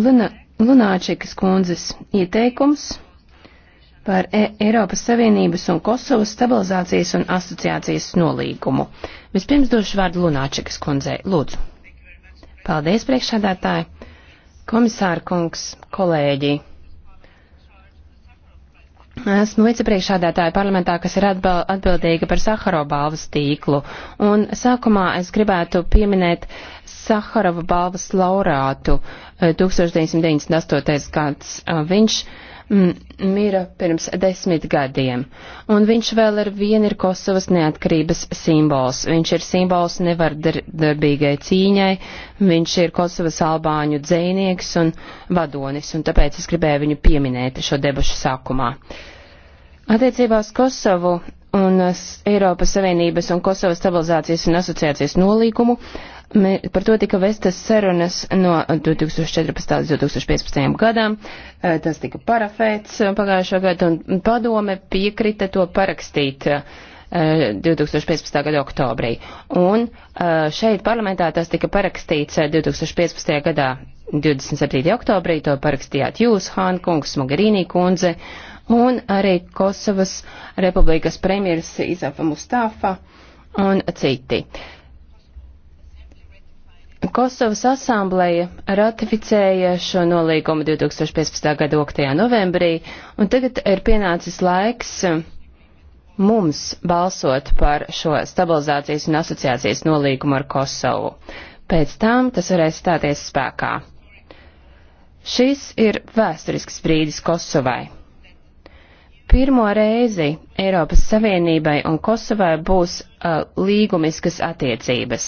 Luna, Lunāčekas kundzes ieteikums par e Eiropas Savienības un Kosovas stabilizācijas un asociācijas nolīgumu. Vispirms došu vārdu Lunāčekas kundzei. Lūdzu. Paldies, priekšādātāji, komisāra kungs, kolēģi. Esmu vicepriekšādātāja parlamentā, kas ir atbildīga par Saharova balvas tīklu. Un sākumā es gribētu pieminēt Saharova balvas laurātu 1998. Eh, gads. Eh, viņš mm, mira pirms desmit gadiem, un viņš vēl ar vienu ir Kosovas neatkarības simbols. Viņš ir simbols nevardarbīgai cīņai, viņš ir Kosovas albāņu dzēnieks un vadonis, un tāpēc es gribēju viņu pieminēt šo debašu sākumā. Uh, Attiecībā uz Kosovu un Eiropas Savienības un Kosovas stabilizācijas un asociācijas nolīgumu par to tika vestas sarunas no 2014. līdz 2015. gadam. E, tas tika parafēts pagājušā gada un padome piekrita to parakstīt 2015. E, gada oktobrī. Un e, šeit parlamentā tas tika parakstīts 2015. gadā 27. oktobrī. To parakstījāt jūs, Hānkungs, Mogherīnī kundze un arī Kosovas Republikas premjeras Izafa Mustafa un citi. Kosovas asambleja ratificēja šo nolīgumu 2015. gada 8. novembrī, un tagad ir pienācis laiks mums balsot par šo stabilizācijas un asociācijas nolīgumu ar Kosovu. Pēc tam tas varēs stāties spēkā. Šis ir vēsturisks brīdis Kosovai pirmo reizi Eiropas Savienībai un Kosovai būs uh, līgumiskas attiecības.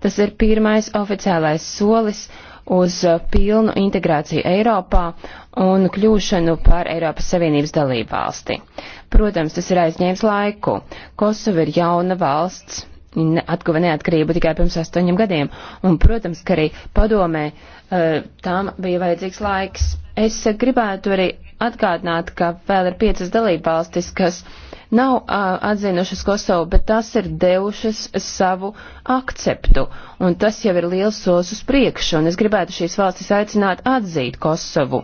Tas ir pirmais oficiālais solis uz uh, pilnu integrāciju Eiropā un kļūšanu par Eiropas Savienības dalību valsti. Protams, tas ir aizņēmis laiku. Kosova ir jauna valsts, ne, atguva neatkarību tikai pirms astoņiem gadiem, un, protams, ka arī padomē uh, tām bija vajadzīgs laiks. Es gribētu arī atgādināt, ka vēl ir piecas dalībvalstis, kas nav uh, atzinušas Kosovu, bet tās ir devušas savu akceptu. Un tas jau ir liels solis uz priekšu, un es gribētu šīs valstis aicināt atzīt Kosovu.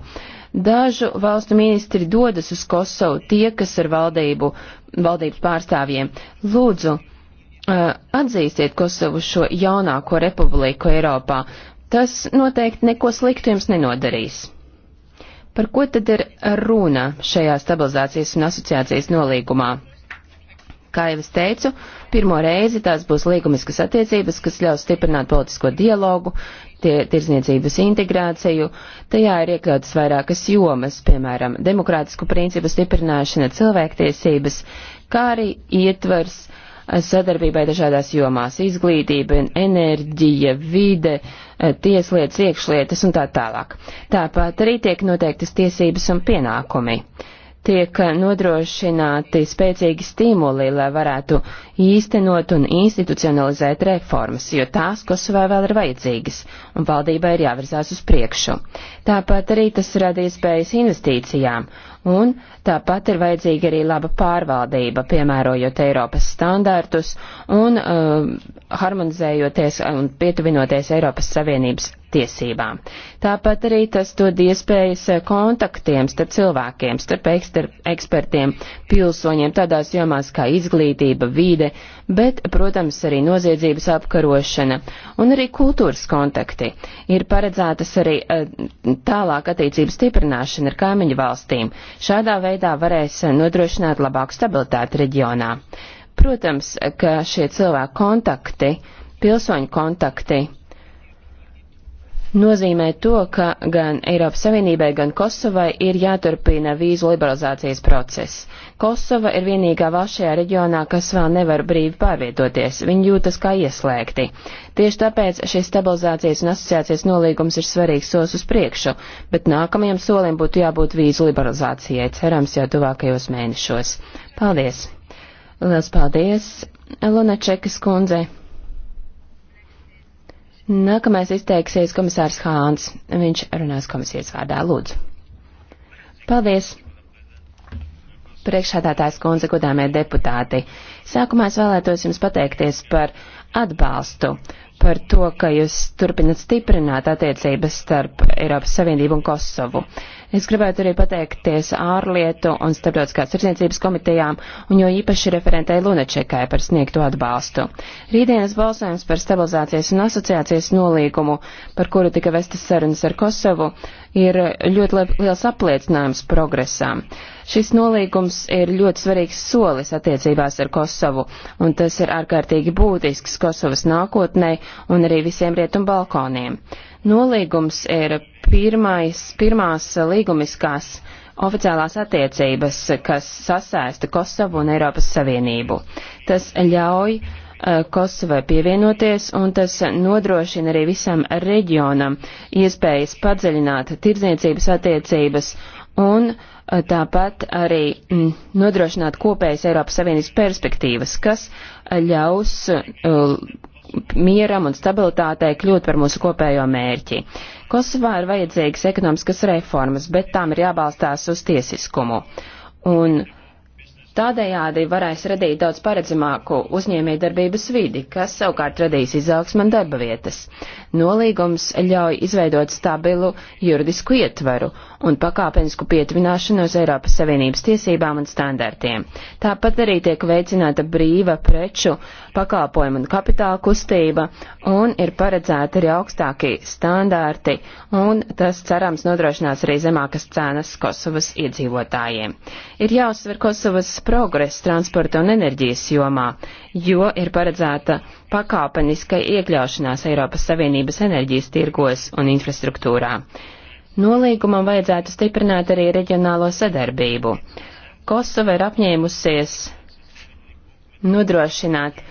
Dažu valstu ministri dodas uz Kosovu, tie, kas ir valdību, valdības pārstāvjiem. Lūdzu, uh, atzīstiet Kosovu šo jaunāko republiku Eiropā. Tas noteikti neko sliktu jums nenodarīs. Par ko tad ir runa šajā stabilizācijas un asociācijas nolīgumā? Kā jau es teicu, pirmo reizi tās būs līgumiskas attiecības, kas ļaus stiprināt politisko dialogu, tie, tirzniecības integrāciju. Tajā ir iekļautas vairākas jomas, piemēram, demokrātisku principu stiprināšana, cilvēktiesības, kā arī ietvers uh, sadarbībai dažādās jomās - izglītība, enerģija, vide, eh, tieslietas, iekšlietas un tā tālāk. Tāpat arī tiek noteiktas tiesības un pienākumi. Tiek eh, nodrošināti spēcīgi stimuli, lai varētu īstenot un institucionalizēt reformas, jo tās Kosovā vēl ir vajadzīgas, un valdībai ir jāvirzās uz priekšu. Tāpat arī tas rada iespējas investīcijām Un tāpat ir vajadzīga arī laba pārvaldība, piemērojot Eiropas standārtus un uh, harmonizējoties un pietuvinoties Eiropas Savienības tiesībām. Tāpat arī tas dod iespējas uh, kontaktiem starp cilvēkiem, starp ekspertiem, pilsoņiem tādās jomās kā izglītība, vīde, bet, protams, arī noziedzības apkarošana un arī kultūras kontakti. Ir paredzētas arī eh, tālāk attiecības stiprināšana ar kaimiņu valstīm. Šādā veidā varēs nodrošināt labāku stabilitāti reģionā. Protams, ka šie cilvēku kontakti, pilsoņu kontakti, nozīmē to, ka gan Eiropas Savienībai, gan Kosovai ir jāturpina vīzu liberalizācijas process. Kosova ir vienīgā valsts šajā reģionā, kas vēl nevar brīvi pārvietoties, viņi jūtas kā ieslēgti. Tieši tāpēc šis stabilizācijas un asociācijas nolīgums ir svarīgs solis uz priekšu, bet nākamajam solim būtu jābūt vīzu liberalizācijai, cerams, jau tuvākajos mēnešos. Paldies! Lielas paldies, Lunačekas kundzei! Nākamais izteiksies komisārs Hāns. Viņš runās komisijas vārdā. Lūdzu. Paldies. Priekšādātājs kundze, godāmie deputāti. Sākumā es vēlētos jums pateikties par atbalstu, par to, ka jūs turpinat stiprināt attiecības starp Eiropas Savienību un Kosovu. Es gribētu arī pateikties ārlietu un starptautiskās tirsniecības komitejām un jo īpaši referentei Lunačekai par sniegto atbalstu. Rītdienas balsojums par stabilizācijas un asociācijas nolīgumu, par kuru tika vestas sarunas ar Kosovu, ir ļoti liels apliecinājums progresām. Šis nolīgums ir ļoti svarīgs solis attiecībās ar Kosovu, un tas ir ārkārtīgi būtisks Kosovas nākotnē un arī visiem rietumu balkoniem. Nolīgums ir pirmais, pirmās līgumiskās oficiālās attiecības, kas sasaista Kosovu un Eiropas Savienību. Tas ļauj uh, Kosovai pievienoties, un tas nodrošina arī visam reģionam iespējas padziļināt tirdzniecības attiecības un uh, tāpat arī mm, nodrošināt kopējas Eiropas Savienības perspektīvas, kas ļaus uh, mieram un stabilitātei kļūt par mūsu kopējo mērķi. Kosovā ir vajadzīgas ekonomiskas reformas, bet tām ir jābalstās uz tiesiskumu. Un Tādējādi varēs radīt daudz paredzamāku uzņēmējdarbības vidi, kas savukārt radīs izaugsmu un darba vietas. Nolīgums ļauj izveidot stabilu juridisku ietvaru un pakāpenisku pietuvināšanos Eiropas Savienības tiesībām un standartiem. Tāpat arī tiek veicināta brīva preču, pakalpojumu un kapitāla kustība, un ir paredzēti arī augstāki standarti, un tas cerams nodrošinās arī zemākas cenas Kosovas iedzīvotājiem. Ir jāuzsver Kosovas progress transporta un enerģijas jomā, jo ir paredzēta pakāpeniskai iekļaušanās Eiropas Savienības enerģijas tirgos un infrastruktūrā. Nolīgumam vajadzētu stiprināt arī reģionālo sadarbību. Kosova ir apņēmusies nodrošināt uh,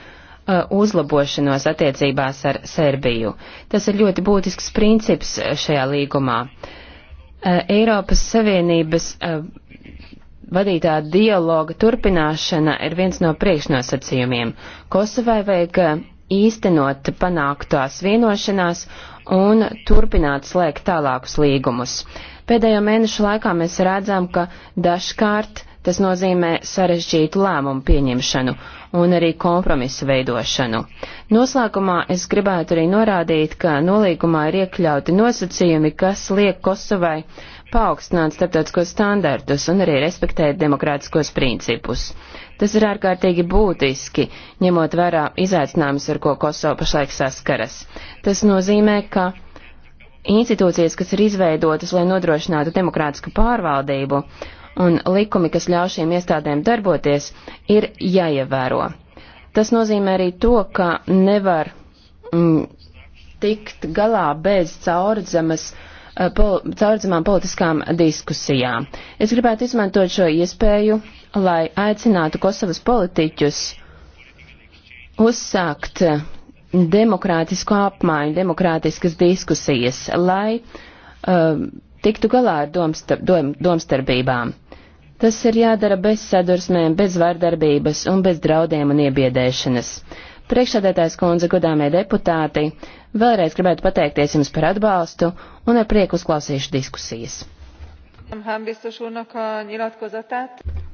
uzlabošanos attiecībās ar Serbiju. Tas ir ļoti būtisks princips uh, šajā līgumā. Uh, Eiropas Savienības uh, vadītā dialoga turpināšana ir viens no priekšnosacījumiem. Kosovai vajag īstenot panāktās vienošanās un turpināt slēgt tālākus līgumus. Pēdējo mēnešu laikā mēs redzam, ka dažkārt tas nozīmē sarežģītu lēmumu pieņemšanu un arī kompromisu veidošanu. Noslēgumā es gribētu arī norādīt, ka nolīgumā ir iekļauti nosacījumi, kas liek Kosovai paaugstināt starptautiskos standartus un arī respektēt demokrātiskos principus. Tas ir ārkārtīgi būtiski, ņemot vērā izaicinājumus, ar ko Kosovo pašlaik saskaras. Tas nozīmē, ka institūcijas, kas ir izveidotas, lai nodrošinātu demokrātisku pārvaldību, un likumi, kas ļauj šīm iestādēm darboties, ir jāievēro. Tas nozīmē arī to, ka nevar mm, tikt galā bez caurdzemes uh, Eh, pol caurdzimām politiskām diskusijām. Es gribētu izmantot šo iespēju, lai aicinātu Kosovas politiķus uzsākt eh, demokrātisku apmaiņu, demokrātiskas diskusijas, lai uh, tiktu galā ar domstar, dom, domstarbībām. Tas ir jādara bez sadursmēm, bez vardarbības un bez draudiem un iebiedēšanas. Priekšsēdētājs kundze, godāmie deputāti, vēlreiz gribētu pateikties jums par atbalstu un ar prieku uzklausīšu diskusijas.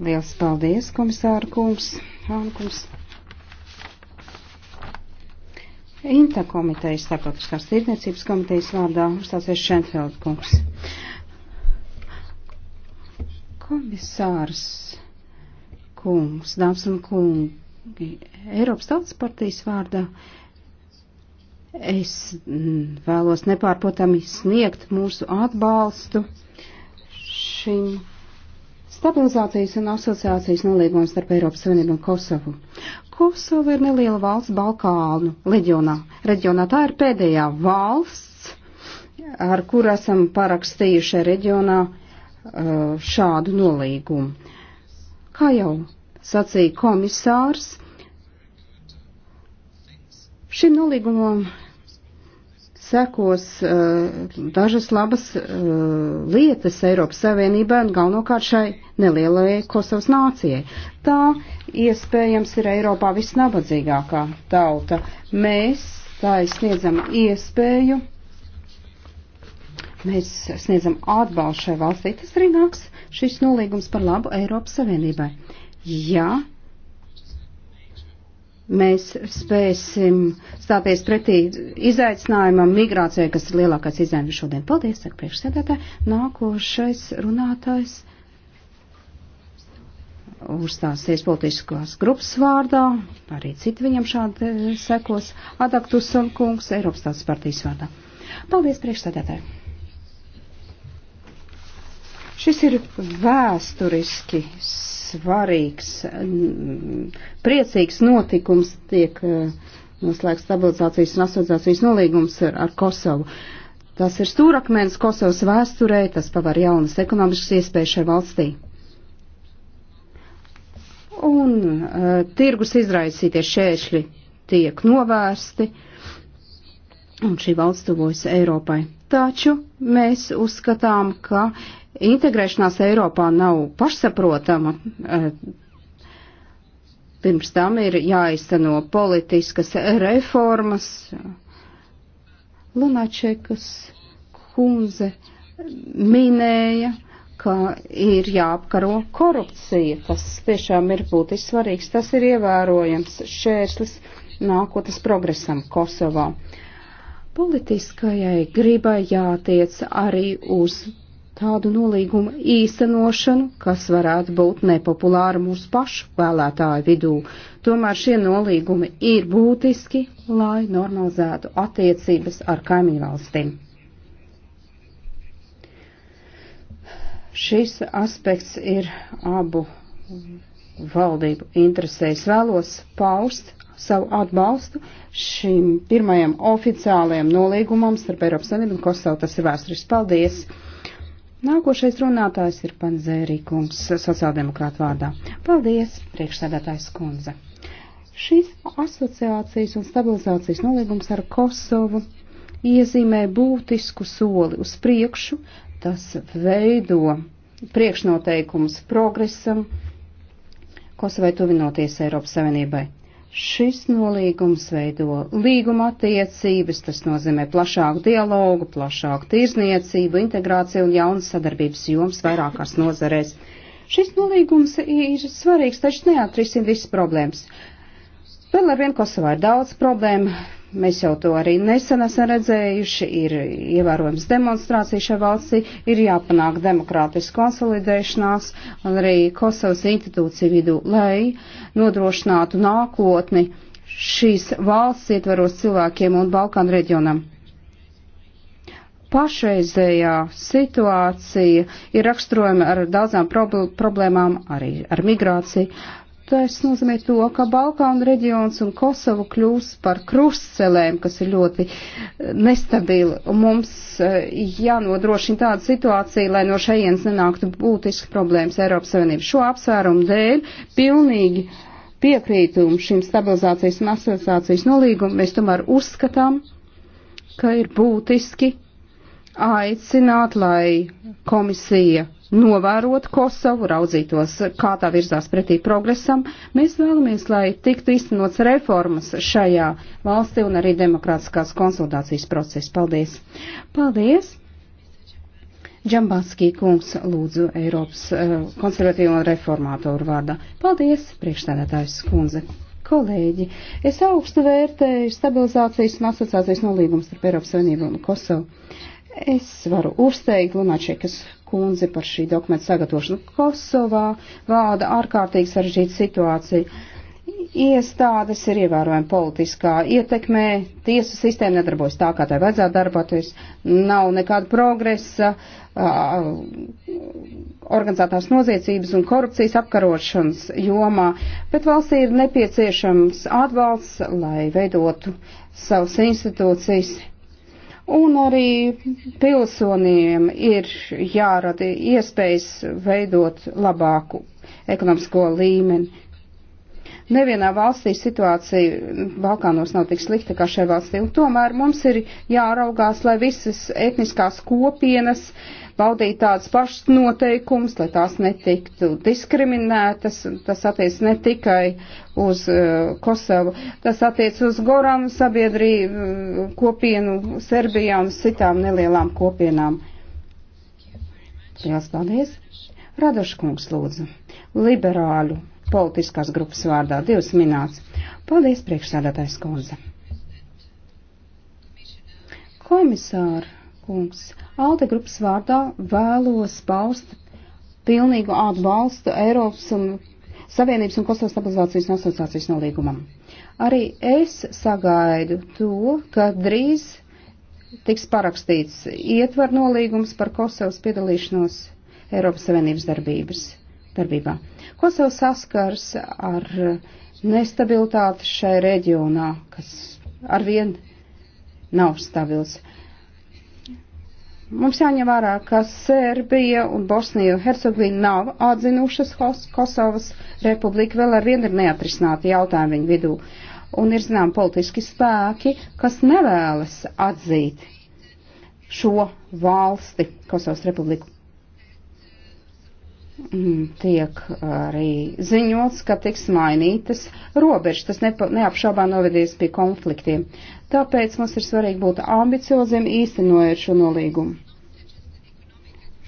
Liels paldies, komisāra kungs, Hankums. Inta komitejas, starptautiskās tirdzniecības komitejas vārdā uzstāsies Šentfeld kungs. Komisārs kungs, dāmas un kungi Eiropas Tautas partijas vārdā es mm, vēlos nepārprotami sniegt mūsu atbalstu šim stabilizācijas un asociācijas nolīgumam starp Eiropas Savienību un Kosovu. Kosova ir neliela valsts Balkānu reģionā. reģionā. Tā ir pēdējā valsts, ar kur esam parakstījuši reģionā uh, šādu nolīgumu. Kā jau sacīja komisārs. Šim nolīgumam sekos uh, dažas labas uh, lietas Eiropas Savienībā un galvenokārt šai nelielajai Kosovas nācijai. Tā iespējams ir Eiropā visnabadzīgākā tauta. Mēs tā sniedzam iespēju, mēs sniedzam atbalstu šai valstī. Tas arī nāks šis nolīgums par labu Eiropas Savienībai ja mēs spēsim stāties pretī izaicinājumam migrācijai, kas ir lielākais izaicinājums šodien. Paldies, saka priekšsēdētāji. Nākošais runātājs uzstāsies politiskās grupas vārdā, arī citi viņam šādi sekos, Adaktus kungs, Eiropas tautas partijas vārdā. Paldies, priekšsēdētāji. Šis ir vēsturiski svarīgs, priecīgs notikums tiek eh, noslēgts stabilizācijas un asociācijas nolīgums ar, ar Kosovu. Tas ir stūrakmens Kosovas vēsturē, tas pavar jaunas ekonomiskas iespējas šai valstī. Un uh, tirgus izraisītie šķēršļi tiek novērsti, un šī valsts tuvojas Eiropai taču mēs uzskatām, ka integrēšanās Eiropā nav pašsaprotama. Eh, pirms tam ir jāizteno politiskas reformas. Lunačekas kundze minēja, ka ir jāapkaro korupcija. Tas tiešām ir būtiski svarīgs. Tas ir ievērojams šērslis nākotnes progresam Kosovā. Uh, Politiskajai gribai jātiec arī uz tādu nolīgumu īstenošanu, kas varētu būt nepopulāra mūsu pašu vēlētāju vidū. Tomēr šie nolīgumi ir būtiski, lai normalizētu attiecības ar kaimiņu valstīm. Šis aspekts ir abu valdību interesēs. Vēlos paust savu atbalstu šim pirmajam oficiālajam nolīgumam starp Eiropas Savienību un Kosovu. Tas ir vēsturis. Paldies! Nākošais runātājs ir Panzērī kungs sociāldemokrāta vārdā. Paldies, priekšsēdētājs kundze. Šīs asociācijas un stabilizācijas nolīgums ar Kosovu iezīmē būtisku soli uz priekšu. Tas veido priekšnoteikums progresam, Kosovai tuvinoties Eiropas Savienībai. Šis nolīgums veido līguma attiecības, tas nozīmē plašāku dialogu, plašāku tirzniecību, integrāciju un jaunas sadarbības joms vairākās nozarēs. Šis nolīgums ir svarīgs, taču neatrisina visas problēmas. Vēl ar vienu Kosovā ir daudz problēmu, Mēs jau to arī nesen esam redzējuši, ir ievērojams demonstrācija šajā valstī, ir jāpanāk demokrātiska konsolidēšanās un arī Kosovas institūciju vidū, lai nodrošinātu nākotni šīs valsts ietveros cilvēkiem un Balkānu reģionam. Pašreizējā situācija ir raksturojama ar daudzām problēmām, arī ar migrāciju Tas nozīmē to, ka Balkānu reģions un Kosovu kļūs par krustcelēm, kas ir ļoti eh, nestabili. Mums eh, jānodrošina tāda situācija, lai no šejienes nenāktu būtiski problēmas Eiropas Savienības. Šo apsvērumu dēļ pilnīgi piekrītu šim stabilizācijas un asociācijas nolīgumam. Mēs tomēr uzskatām, ka ir būtiski aicināt, lai komisija novērot Kosovu, raudzītos, kā tā virzās pretī progresam. Mēs vēlamies, lai tiktu īstenots reformas šajā valstī un arī demokrātiskās konsultācijas process. Paldies! Paldies! Džambatskī kungs lūdzu Eiropas uh, konservatīvo reformātoru vārdā. Paldies, priekšstādātājs kundze! Kolēģi, es augstu vērtēju stabilizācijas un asociācijas nolīgumus starp Eiropas Savienību un Kosovu. Es varu uzteikt Lunačekas kundzi par šī dokumenta sagatavošanu. Kosovā vāda ārkārtīgi sarežģīta situācija. Iestādes ir ievērojami politiskā ietekmē, tiesu sistēma nedarbojas tā, kā tai vajadzētu darboties, nav nekāda progresa, organizētās noziedzības un korupcijas apkarošanas jomā, bet valstī ir nepieciešams atbalsts, lai veidotu savas institūcijas Un arī pilsoniem ir jārada iespējas veidot labāku ekonomisko līmeni. Nevienā valstī situācija Balkānos nav tik slikta kā šai valstī, un tomēr mums ir jāraugās, lai visas etniskās kopienas uh, baudīt tādas pašas noteikumus, lai tās netiktu diskriminētas. Tas attiec ne tikai uz uh, Kosovu, tas attiec uz Goram sabiedrību, uh, kopienu Serbijā un citām nelielām kopienām. Lielas paldies! Radoškungs lūdzu, liberāļu politiskās grupas vārdā, divas minūtes. Paldies, priekšsādātājs Konze. Komisāra kungs, Alde grupas vārdā vēlos paust pilnīgu atbalstu Eiropas un Savienības un Kosovas stabilizācijas un asociācijas nolīgumam. Arī es sagaidu to, ka drīz tiks parakstīts ietvar nolīgums par Kosovas piedalīšanos Eiropas Savienības darbības, darbībā. Kosova saskars ar nestabilitāti šai reģionā, kas arvien nav stabils. Mums jāņem vērā, ka Serbija un Bosnija un Hercegovina nav atzinušas Kosovas republiku, vēl ar vienu ir neatrisināti jautājumi viņu vidū. Un ir zinām politiski spēki, kas nevēlas atzīt šo valsti, Kosovas republiku. Mm, tiek arī ziņots, ka tiks mainītas robežas. Tas neapšaubā novedīs pie konfliktiem. Tāpēc mums ir svarīgi būt ambicioziem īstenojot šo nolīgumu.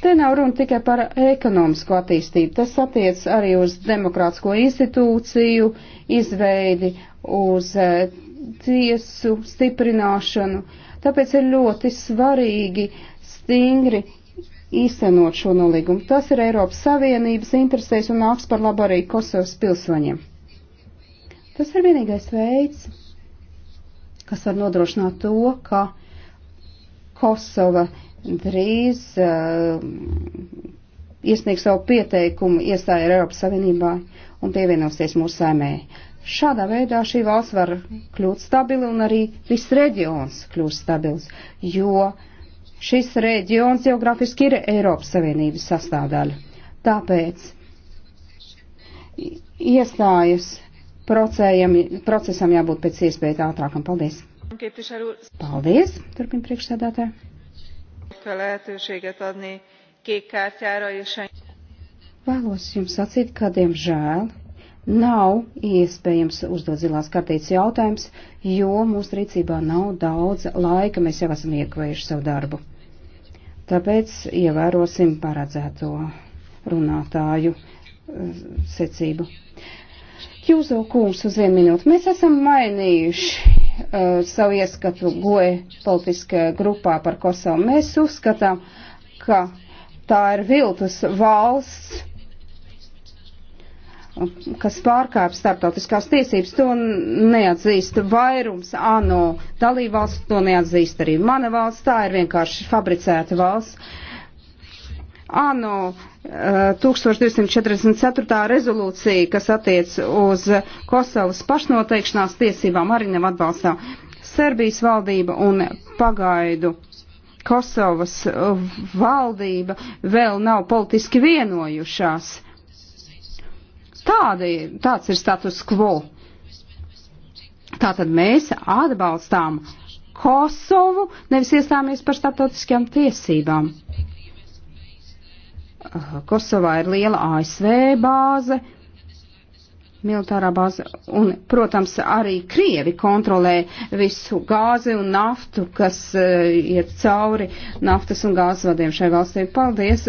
Te nav runa tikai par ekonomisko attīstību, tas attiec arī uz demokrātsko institūciju izveidi, uz eh, tiesu stiprināšanu. Tāpēc ir ļoti svarīgi stingri īstenot šo nolīgumu. Tas ir Eiropas Savienības interesēs un nāks par labu arī Kosovas pilsoņiem. Tas ir vienīgais veids, kas var nodrošināt to, ka Kosova drīz uh, iesniegs savu pieteikumu iestāja Eiropas Savienībā un pievienosies mūsu saimē. Šādā veidā šī valsts var kļūt stabila un arī viss reģions kļūst stabils, jo uh, Šis reģions geogrāfiski ir Eiropas Savienības sastāvdaļa. Tāpēc iestājas procesam jābūt pēc iespējas ātrākam. Paldies! Paldies! Turpin priekšsēdētāji! Vēlos jums sacīt, ka, diemžēl, nav iespējams uzdot zilās kartītes jautājums, jo mūsu rīcībā nav daudz laika, mēs jau esam iekavējuši savu darbu. Tāpēc ievērosim paredzēto runātāju eh, secību. Kjūzo kungs uz vienu minūti. Mēs esam mainījuši uh, savu ieskatu goja politiskajā grupā par Kosovu. Mēs uzskatām, ka tā ir viltus valsts kas pārkāpj starptautiskās tiesības, to neatzīst vairums ANO dalībvalsts, to neatzīst arī mana valsts, tā ir vienkārši fabricēta valsts. ANO 1244. Eh, rezolūcija, kas attiec uz Kosovas pašnoteikšanās tiesībām, arī nav atbalstā. Serbijas valdība un pagaidu Kosovas valdība vēl nav politiski vienojušās Tādi, tāds ir status quo. Tātad mēs atbalstām Kosovu, nevis iestāmies par starptautiskajām tiesībām. Kosovā ir liela ASV bāze, militārā bāze. Un, protams, arī Krievi kontrolē visu gāzi un naftu, kas uh, iet cauri naftas un gāzes vadiem šai valstī. Paldies,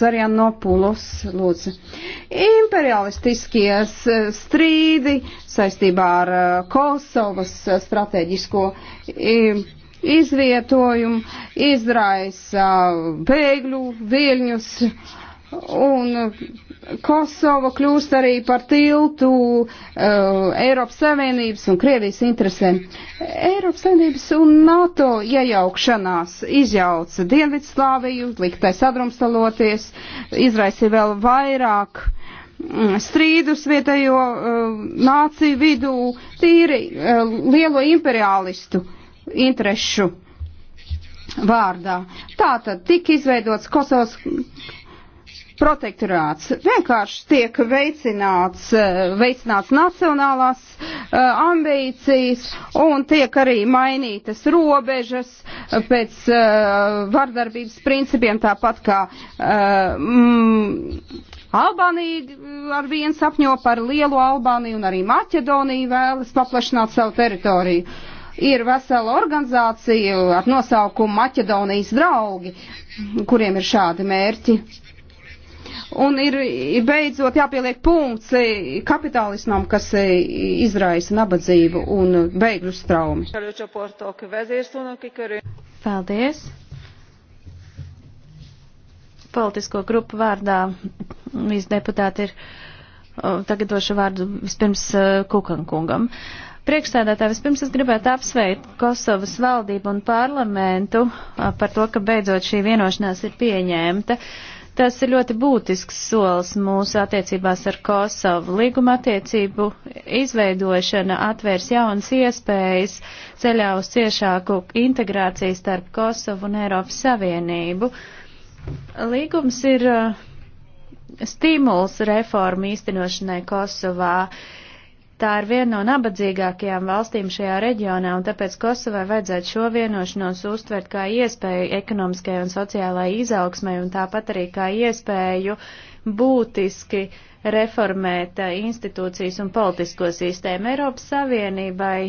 Zarjan Nopulos, lūdzu. Imperialistiskie strīdi saistībā ar uh, Kosovas strateģisko. Uh, izvietojumu, izraisa bēgļu viļņus Un Kosova kļūst arī par tiltu uh, Eiropas Savienības un Krievijas interesēm. Eiropas Savienības un NATO iejaukšanās izjauca Dienvidslāviju, liktai sadrumstaloties, izraisīja vēl vairāk mm, strīdus vietējo uh, nāciju vidū, tīri uh, lielo imperialistu interešu vārdā. Tātad tika izveidots Kosovas protektorāts. Vienkārši tiek veicināts, eh, veicināts nacionālās eh, ambīcijas un tiek arī mainītas robežas eh, pēc vardarbības principiem, tāpat kā mm, Albānija ar vienu sapņo par lielu Albāniju un arī Maķedonija vēlas paplašināt savu teritoriju. Ir vesela organizācija ar nosaukumu Maķedonijas draugi, kuriem ir šādi mērķi un ir beidzot jāpieliek punkts e, kapitālismam, kas e, izraisa nabadzību un bēgļu straumi. Paldies! Politisko grupu vārdā visi deputāti ir tagad došu vārdu vispirms e, Kukankungam. Priekšstādātāji, vispirms es gribētu apsveikt Kosovas valdību un parlamentu par to, ka beidzot šī vienošanās ir pieņēmta. Uh, Tas ir ļoti būtisks solis mūsu attiecībās ar Kosovu. Līguma attiecību izveidošana atvērs jaunas iespējas ceļā uz ciešāku integrāciju starp Kosovu un Eiropas Savienību. Līgums ir uh, stimuls reformu īstenošanai Kosovā. Uh, Tā ir viena no nabadzīgākajām valstīm šajā reģionā, un tāpēc Kosovai vajadzētu šo vienošanos uztvert kā iespēju ekonomiskajai un sociālajai izaugsmai, un tāpat arī kā iespēju būtiski reformēt eh, institūcijas un politisko sistēmu. Eiropas Savienībai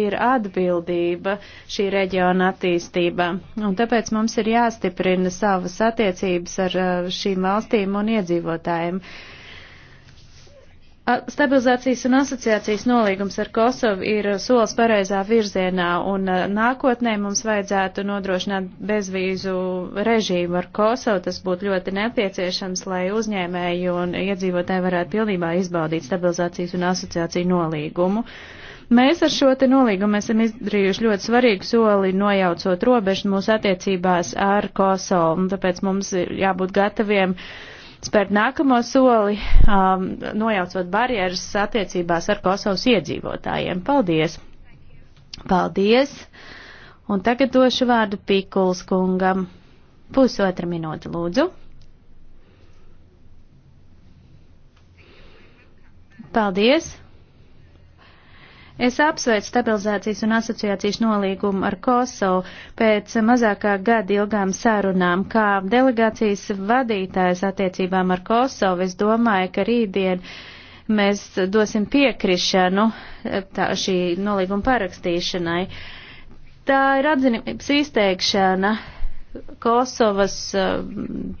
ir atbildība šī reģiona attīstībā, un tāpēc mums ir jāstiprina savas attiecības ar eh, šīm valstīm un iedzīvotājiem. Uh, Stabilizācijas un asociācijas nolīgums ar Kosovu ir solis pareizā virzienā, un nākotnē mums vajadzētu nodrošināt bezvīzu režīmu ar Kosovu. Tas būtu ļoti nepieciešams, lai uzņēmēji un iedzīvotāji varētu pilnībā izbaudīt stabilizācijas un asociāciju nolīgumu. Mēs ar šo te nolīgumu esam izdarījuši ļoti svarīgu soli, nojaucot robežu mūsu attiecībās ar Kosovu, un tāpēc mums ir jābūt gataviem uh, spērt nākamo soli, um, nojaucot barjeras attiecībās ar Kosovas iedzīvotājiem. Paldies! Paldies! Un tagad došu vārdu Pīkuls kungam. Pusotra minūte, lūdzu. Paldies! Es apsveicu stabilizācijas un asociācijas nolīgumu ar Kosovu pēc mazākā gada ilgām sarunām. Kā delegācijas vadītājs attiecībām ar Kosovu, es domāju, ka rītdien mēs dosim piekrišanu eh, tā, šī nolīguma parakstīšanai. Tā ir atzinības izteikšana Kosovas eh,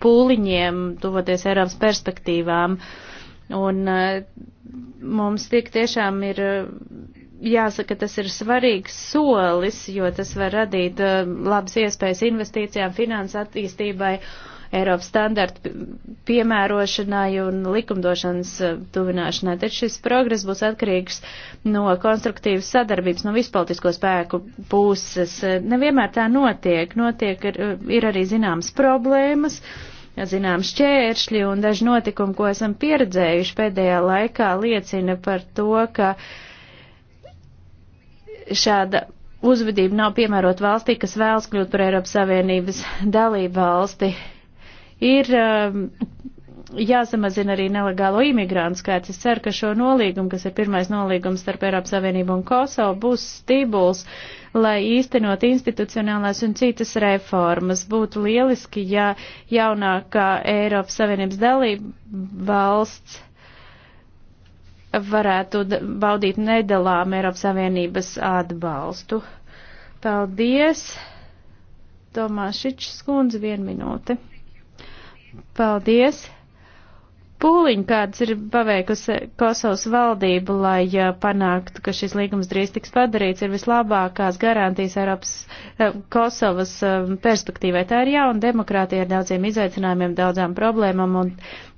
pūliņiem, tuvoties Eiropas perspektīvām. Un eh, mums tik tiešām ir jāsaka, tas ir svarīgs solis, jo tas var radīt eh, labas iespējas investīcijām, finanses attīstībai, Eiropas standartu piemērošanai un likumdošanas eh, tuvināšanai. Taču šis progress būs atkarīgs no konstruktīvas sadarbības, no vispolitisko spēku puses. Nevienmēr tā notiek. Notiek, ir, ir arī zināmas problēmas zinām, šķēršļi un daži notikumi, ko esam pieredzējuši pēdējā laikā, liecina par to, ka uh, šāda uzvedība nav piemērot valstī, kas vēlas kļūt par Eiropas Savienības dalību valsti. Ir um, jāsamazina arī nelegālo imigrantu skaits. Es ceru, ka šo nolīgumu, kas ir pirmais nolīgums starp Eiropas Savienību un Kosovu, būs stibuls, lai īstenot institucionālās un citas reformas. Būtu lieliski, ja jaunākā Eiropas Savienības dalība valsts varētu baudīt nedalām Eiropas Savienības atbalstu. Paldies! Tomāšičs kundze, vien minūte. Paldies! pūliņu, kādas ir paveikusi Kosovas valdība, lai panāktu, ka šis līgums drīz tiks padarīts, ir vislabākās garantijas Eiropas eh, Kosovas eh, perspektīvai. Tā ir jauna demokrātija ar daudziem izaicinājumiem, daudzām problēmām, un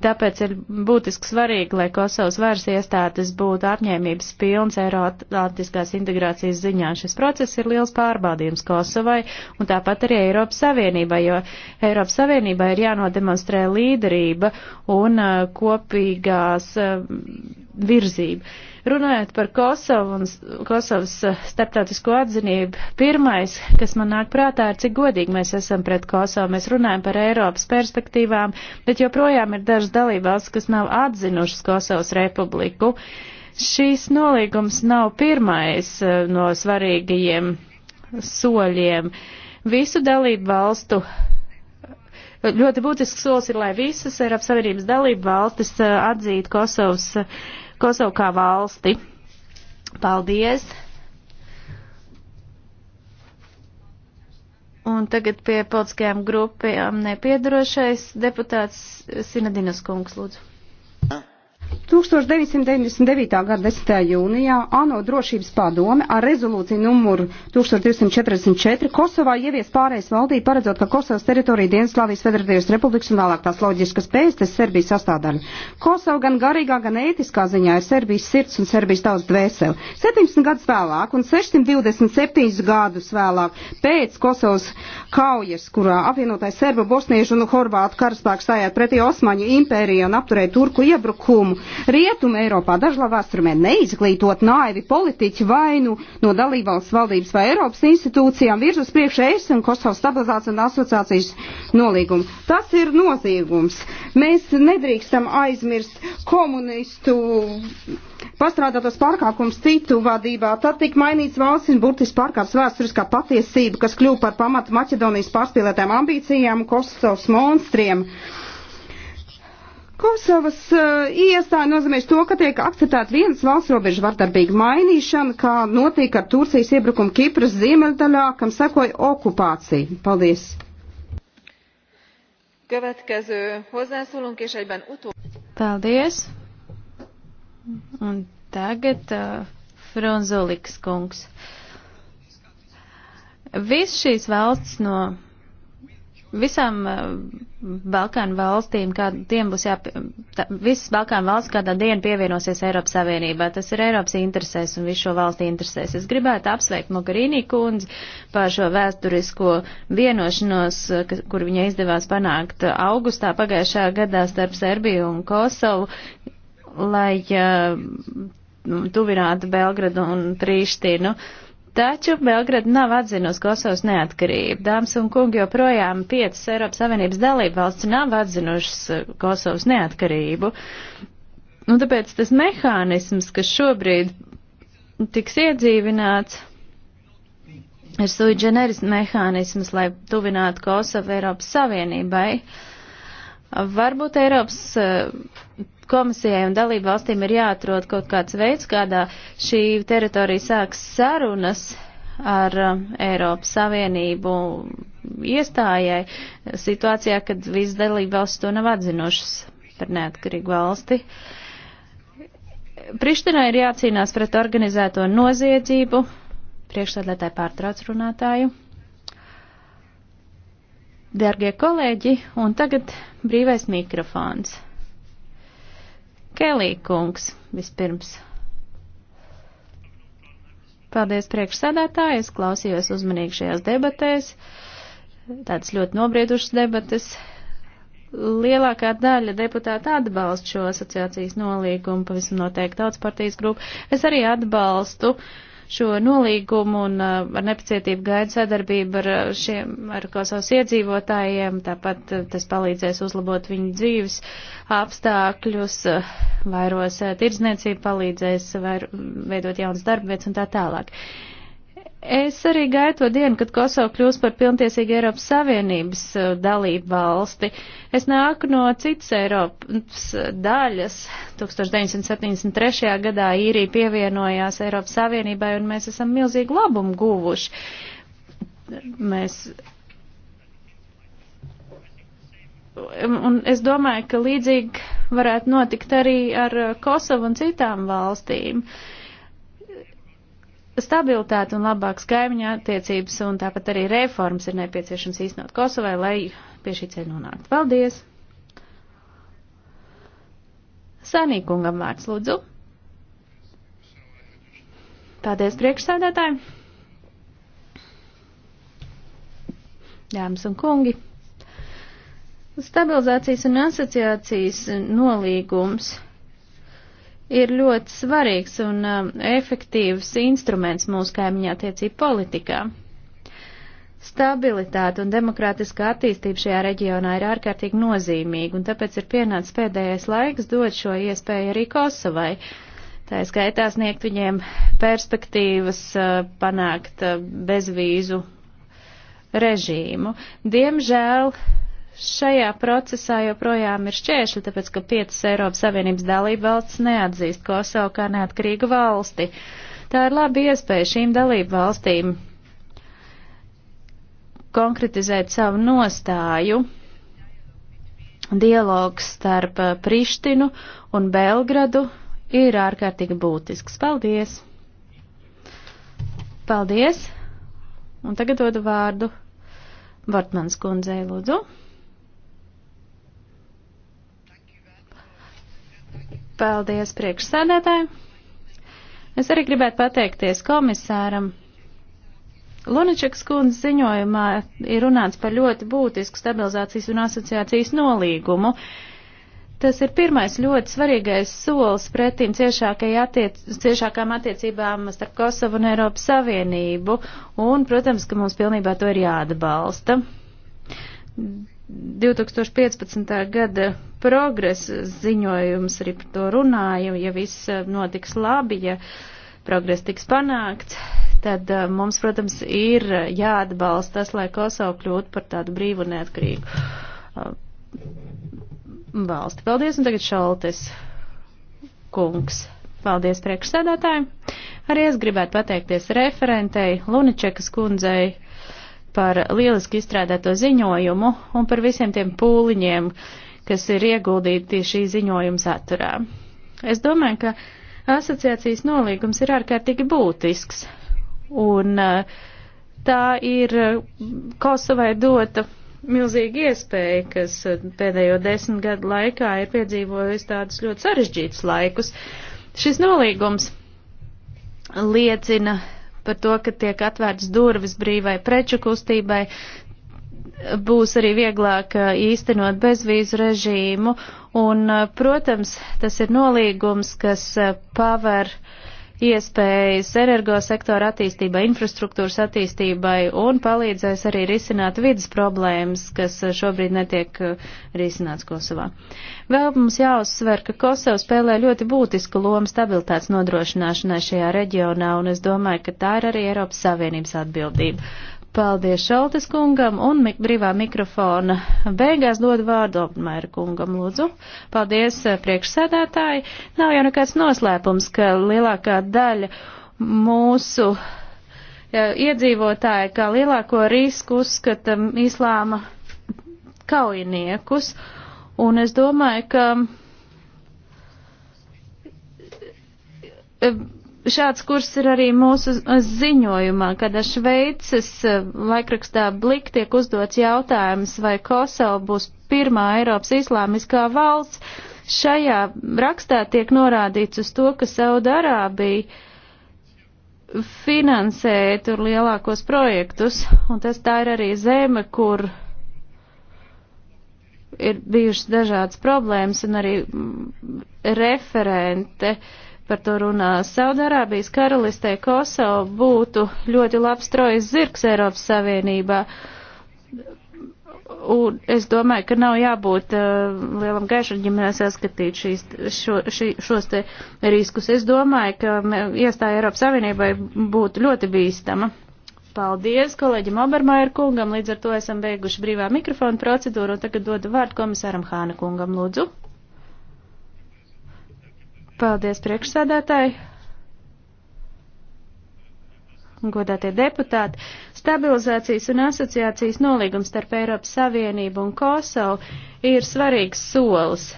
tāpēc ir būtiski svarīgi, lai Kosovas varas iestādes būtu apņēmības pilns Eiroatlantiskās integrācijas ziņā. Šis process ir liels pārbaudījums Kosovai un tāpat arī Eiropas Savienībai, jo Eiropas Savienībai ir jānodemonstrē līderība un eh, kopīgās eh, virzību. Runājot par Kosovu un Kosovas eh, starptautisko atzinību, pirmais, kas man nāk prātā, ir, cik godīgi mēs esam pret Kosovu. Mēs runājam par Eiropas perspektīvām, bet joprojām ir dažas dalībvalstis, kas nav atzinušas Kosovas republiku. Šīs nolīgums nav pirmais eh, no svarīgajiem soļiem. Visu dalību valstu Ļoti būtisks solis ir, lai visas Eiropas Savienības dalība valstis eh, atzītu Kosovas, eh, Kosovu kā valsti. Paldies! Un tagad pie politiskajām grupām nepiedarošais deputāts Sinadinas kungs, lūdzu. 1999. gada 10. jūnijā ANO drošības padome ar rezolūciju numuru 1244 Kosovā ievies pārējais valdību paredzot, ka Kosovas teritorija Dienaslāvijas Federatīvas republikas un vēlāk tās loģiskas pēstas Serbijas sastāvdaļa. Kosova gan garīgā, gan ētiskā ziņā ir Serbijas sirds un Serbijas tautas dvēseli. 70 gadus vēlāk un 627 gadus vēlāk pēc Kosovas kaujas, kurā apvienotais Serbu, Bosniešu un Horvātu karaspēks stājāt pretī Osmaņu impēriju un apturēja Turku iebrukumu, Rietuma Eiropā dažlavāstrumē neizglītot naivi politiķi vainu no dalībvalsts valdības vai Eiropas institūcijām virz uz priekšu es un Kosovas stabilizācijas un asociācijas nolīgumu. Tas ir noziegums. Mēs nedrīkstam aizmirst komunistu pastrādātos pārkāpums citu vadībā. Tad tik mainīts valsts un burtis pārkāps vēsturiskā patiesība, kas kļūpa par pamatu Maķedonijas pārspīlētām ambīcijām, Kosovas monstriem. Kosovas uh, eh, iestāja nozīmēs to, ka tiek akceptēta vienas valsts robežu vardarbīga mainīšana, kā notika ar Turcijas iebrukumu Kipras ziemeļdaļā, kam sekoja okupācija. Paldies! Paldies! Un tagad uh, eh, Fronzoliks kungs. Viss šīs valsts no visām eh, Balkānu valstīm, kādiem būs jā, tā, visas Balkānu valsts kādā dienā pievienosies Eiropas Savienībā. Tas ir Eiropas interesēs un visu šo valstu interesēs. Es gribētu apsveikt Mogarīnī kundzi par šo vēsturisko vienošanos, eh, kur viņai izdevās panākt augustā pagājušā gadā starp Serbiju un Kosovu, lai uh, tuvinātu Belgradu un Prīštinu. Uh, Taču Belgrada nav atzinusi Kosovas neatkarību. Dāmas un kungi, joprojām piecas Eiropas Savienības dalība valsts nav atzinušas eh, Kosovas neatkarību. Un nu, tāpēc tas mehānisms, kas šobrīd tiks iedzīvināts, ir sui generis mehānisms, lai tuvinātu Kosovu Eiropas Savienībai. Varbūt Eiropas eh, komisijai un dalību valstīm ir jāatrod kaut kāds veids, kādā šī teritorija sāks sarunas ar um, Eiropas Savienību iestājai situācijā, kad visas dalību valsts to nav atzinušas par neatkarīgu valsti. Prištinā ir jācīnās pret organizēto noziedzību. Priekšsēdētāji pārtrauc runātāju. Dargie kolēģi, un tagad brīvais mikrofons. Kelī kungs vispirms. Paldies priekšsēdētāji, es klausījos uzmanīgi šajās debatēs, tādas ļoti nobriedušas debates. Lielākā daļa deputāta atbalsta šo asociācijas nolīgumu, pavisam noteikti tautas partijas grupu. Es arī atbalstu uh, šo nolīgumu un uh, ar nepacietību gaida sadarbību ar uh, šiem, ar Kosovas iedzīvotājiem. Tāpat uh, tas palīdzēs uzlabot viņu dzīves apstākļus, vairos tirdzniecību, palīdzēs vair, veidot jaunas darbvietas un tā tālāk. Uh, Es arī gaidu to dienu, kad Kosovo kļūs par pilntiesīgu Eiropas Savienības uh, dalību valsti. Es nāku no citas Eiropas daļas. 1973. gadā īrija pievienojās Eiropas Savienībai un mēs esam milzīgu labumu guvuši. Mēs un es domāju, ka līdzīgi varētu notikt arī ar uh, Kosovu un citām valstīm. Uh, stabilitāte un labāks kaimiņa attiecības un tāpat arī reformas ir nepieciešams īstenot Kosovai, lai pie šī ceļa nonāktu. Paldies! Sanīkungam vārds lūdzu. Paldies priekšsēdētājiem! Dāmas un kungi! Stabilizācijas un asociācijas nolīgums ir ļoti svarīgs un um, efektīvs instruments mūsu kaimiņā tiecību politikā. Stabilitāte un demokrātiskā attīstība šajā reģionā ir ārkārtīgi nozīmīga, un tāpēc ir pienācis pēdējais laiks dot šo iespēju arī Kosovai. Tā ir skaitā sniegt viņiem perspektīvas uh, panākt uh, bezvīzu režīmu. Diemžēl šajā procesā joprojām ir šķēršļi, tāpēc ka piecas Eiropas Savienības dalība valsts neatzīst Kosovu kā neatkarīgu valsti. Tā ir laba iespēja šīm dalību valstīm konkretizēt savu nostāju. Dialogs starp Prištinu un Belgradu ir ārkārtīgi būtisks. Paldies! Paldies! Un tagad dodu vārdu Vartmanas kundzei, lūdzu. Paldies priekšsēdētāji. Es arī gribētu pateikties komisāram. Lunačeks kundzes ziņojumā ir runāts par ļoti būtisku stabilizācijas un asociācijas nolīgumu. Tas ir pirmais ļoti svarīgais solis pretīm attiec, ciešākām attiecībām starp Kosovu un Eiropas Savienību, un, protams, ka mums pilnībā to ir jāatbalsta. 2015. gada progresa ziņojums arī par to runāja, ja viss eh, notiks labi, ja progress tiks panākts, tad eh, mums, protams, ir eh, jāatbalsta tas, lai Kosovo kļūtu par tādu brīvu un neatkarīgu valsti. Paldies, un tagad Šaltes kungs. Paldies priekšsēdētājiem. Arī es gribētu pateikties referentei Luničekas kundzei par lieliski izstrādāto ziņojumu un par visiem tiem pūliņiem, kas ir ieguldīti šī ziņojuma saturā. Es domāju, ka asociācijas nolīgums ir ārkārtīgi būtisks, un eh, tā ir eh, Kosovai dota milzīga iespēja, kas eh, pēdējo desmit gadu laikā ir piedzīvojusi tādus ļoti sarežģītus laikus. Šis nolīgums liecina par to, ka tiek atvērts durvis brīvai preču kustībai, būs arī vieglāk uh, īstenot bezvīzu režīmu, un, uh, protams, tas ir nolīgums, kas uh, paver uh, iespējas energosektora attīstībai, infrastruktūras attīstībai un palīdzēs arī risināt vidas problēmas, kas eh, šobrīd netiek eh, risināts Kosovā. Vēl mums jāuzsver, ka Kosova spēlē ļoti būtisku lomu stabilitātes nodrošināšanai šajā reģionā, un es domāju, ka tā ir arī Eiropas Savienības atbildība. Paldies Šaltes kungam un mik brīvā mikrofona beigās dod vārdu Opmēra kungam, lūdzu. Paldies eh, priekšsēdētāji. Nav jau nekāds noslēpums, ka lielākā daļa mūsu eh, iedzīvotāji kā lielāko risku uzskata islāma kaujiniekus. Un es domāju, ka eh, šāds kurs ir arī mūsu ziņojumā, kad ar Šveices eh, laikrakstā Blik tiek uzdots jautājums, vai Kosova būs pirmā Eiropas islāmiskā valsts. Šajā rakstā tiek norādīts uz to, ka Saudārābija finansēja tur lielākos projektus, un tas tā ir arī zeme, kur ir bijušas dažādas problēmas, un arī mm, referente uh, par to runā. Saudārābijas karalistē Kosovo būtu ļoti labs trojas zirgs Eiropas Savienībā. Un es domāju, ka nav jābūt uh, lielam gaišaņam, ja saskatīt šīs, šo, šī, šos te riskus. Es domāju, ka iestāja Eiropas Savienībai būtu ļoti bīstama. Paldies kolēģim Obermaier kungam, līdz ar to esam beiguši brīvā mikrofona procedūru, un tagad dodu vārdu komisāram Hāna kungam, lūdzu. Paldies priekšsēdētāji. Godātie deputāti, stabilizācijas un asociācijas nolīgums starp Eiropas Savienību un Kosovu ir svarīgs solis.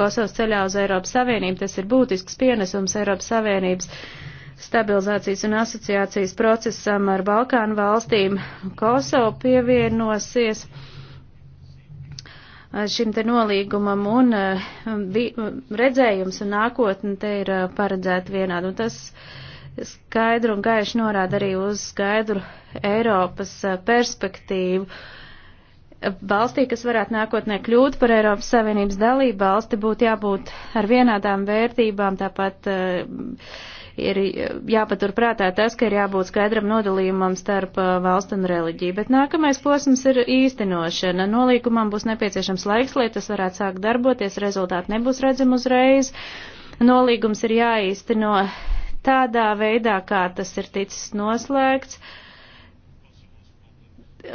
Kosovas ceļā uz Eiropas Savienību tas ir būtisks pienesums Eiropas Savienības stabilizācijas un asociācijas procesam ar Balkānu valstīm. Kosovu pievienosies šim te nolīgumam un redzējums un nākotne te ir paredzēta vienādi. Un tas skaidru un gaišu norāda arī uz skaidru Eiropas perspektīvu. Valstī, kas varētu nākotnē kļūt par Eiropas Savienības dalību valsti, būtu jābūt ar vienādām vērtībām, tāpat uh, ir jāpaturprātā tas, ka ir jābūt skaidram nodalījumam starp uh, valstu un reliģiju. Bet nākamais posms ir īstenošana. Nolīgumam būs nepieciešams laiks, lai tas varētu sākt darboties, rezultāti nebūs redzami uzreiz. Nolīgums ir jāīsteno tādā veidā, kā tas ir ticis noslēgts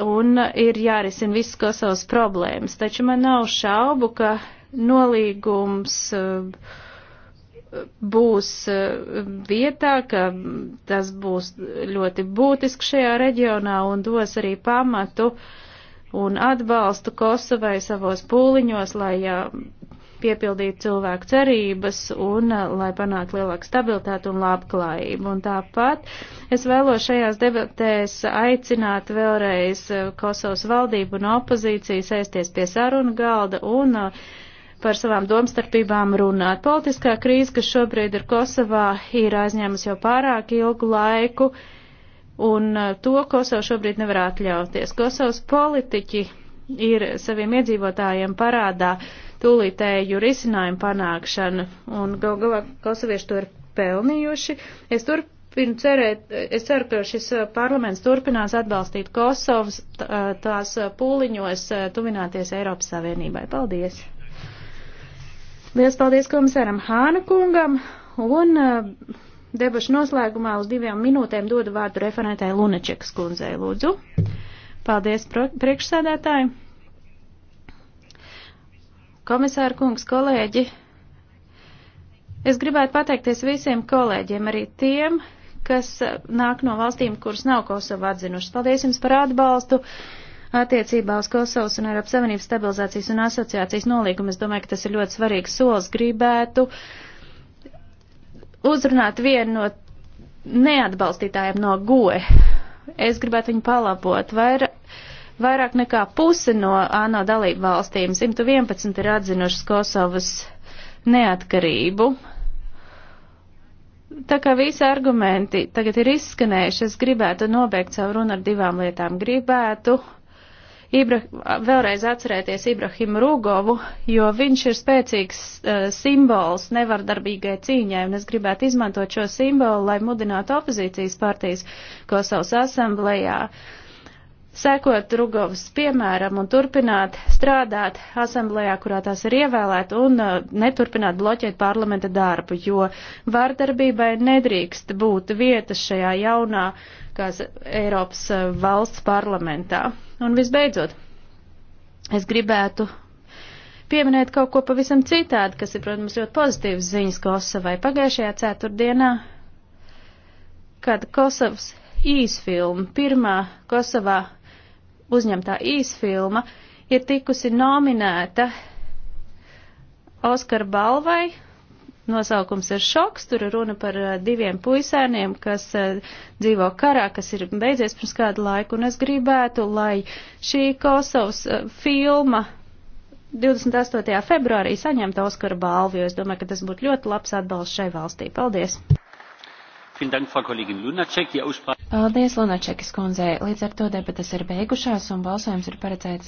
un ir jārisina visas Kosovas problēmas. Taču man nav šaubu, ka nolīgums uh, būs e, vietā, ka tas būs ļoti būtiski šajā reģionā un dos arī pamatu un atbalstu Kosovai savos pūliņos, lai piepildītu cilvēku cerības un e, lai panāktu lielāku stabilitātu un labklājību. Un tāpat es vēlos šajās debatēs aicināt vēlreiz e, Kosovas valdību un opozīciju sēsties pie sarunu galda un uh, par savām domstarpībām runāt. Politiskā krīze, kas šobrīd ir Kosovā, ir aizņēmusi jau pārāk ilgu laiku, un uh, to Kosova šobrīd nevar atļauties. Kosovas politiķi ir saviem iedzīvotājiem parādā tūlītēju risinājumu panākšanu, un gal galā kosovieši to ir pelnījuši. Es tur turpinu cerēt, es ceru, ka šis uh, parlaments turpinās atbalstīt Kosovas uh, tās pūliņos tuvināties Eiropas Savienībai. Paldies! Lielas paldies komisāram Hāna kungam un eh, debašu noslēgumā uz divām minūtēm dodu vārdu referentai Lunačekas kundzei, lūdzu. Paldies priekšsēdētāji. Komisāra kungs, kolēģi, es gribētu pateikties visiem kolēģiem, arī tiem, kas eh, nāk no valstīm, kuras nav Kosova atzinušas. Paldies jums par atbalstu. Uh, attiecībā uz Kosovas un Eiropas Savienības stabilizācijas un asociācijas nolīgumu. Es domāju, ka tas ir ļoti svarīgs solis. Gribētu uzrunāt vienu no neatbalstītājiem no GOE. Es gribētu viņu palabot. Vair, vairāk nekā puse no ANO dalību valstīm, 111, ir atzinušas Kosovas neatkarību. Tā kā visi argumenti tagad ir izskanējuši, es gribētu nobeigt savu runu ar divām lietām. Gribētu Ibra, vēlreiz atcerēties Ibrahimu Rūgovu, jo viņš ir spēcīgs uh, simbols nevardarbīgai cīņai, un es gribētu izmantot šo simbolu, lai mudinātu opozīcijas partijas Kosovas asamblējā. Uh, sekot Rugovas piemēram un turpināt strādāt asamblējā, kurā tās ir ievēlēt, un uh, neturpināt bloķēt parlamenta darbu, jo vārdarbībai nedrīkst būt vietas šajā jaunā kās Eiropas uh, valsts parlamentā. Un visbeidzot, es gribētu pieminēt kaut ko pavisam citādi, kas ir, protams, ļoti pozitīvas ziņas Kosovai. Pagājušajā ceturtdienā, kad Kosovas īsfilma pirmā Kosovā uzņemtā īsfilma ir tikusi nominēta Oskara balvai. Nosaukums ir šoks, tur ir runa par eh, diviem puisēniem, kas eh, dzīvo karā, kas ir beidzies pirms kādu laiku, un es gribētu, lai šī Kosovas eh, filma 28. februārī saņemtu Oskara balvu, jo es domāju, ka tas būtu ļoti labs atbalsts šai valstī. Paldies! Paldies, Lunačekas kundzei. Līdz ar to debatas ir beigušās un balsojums ir paredzēts.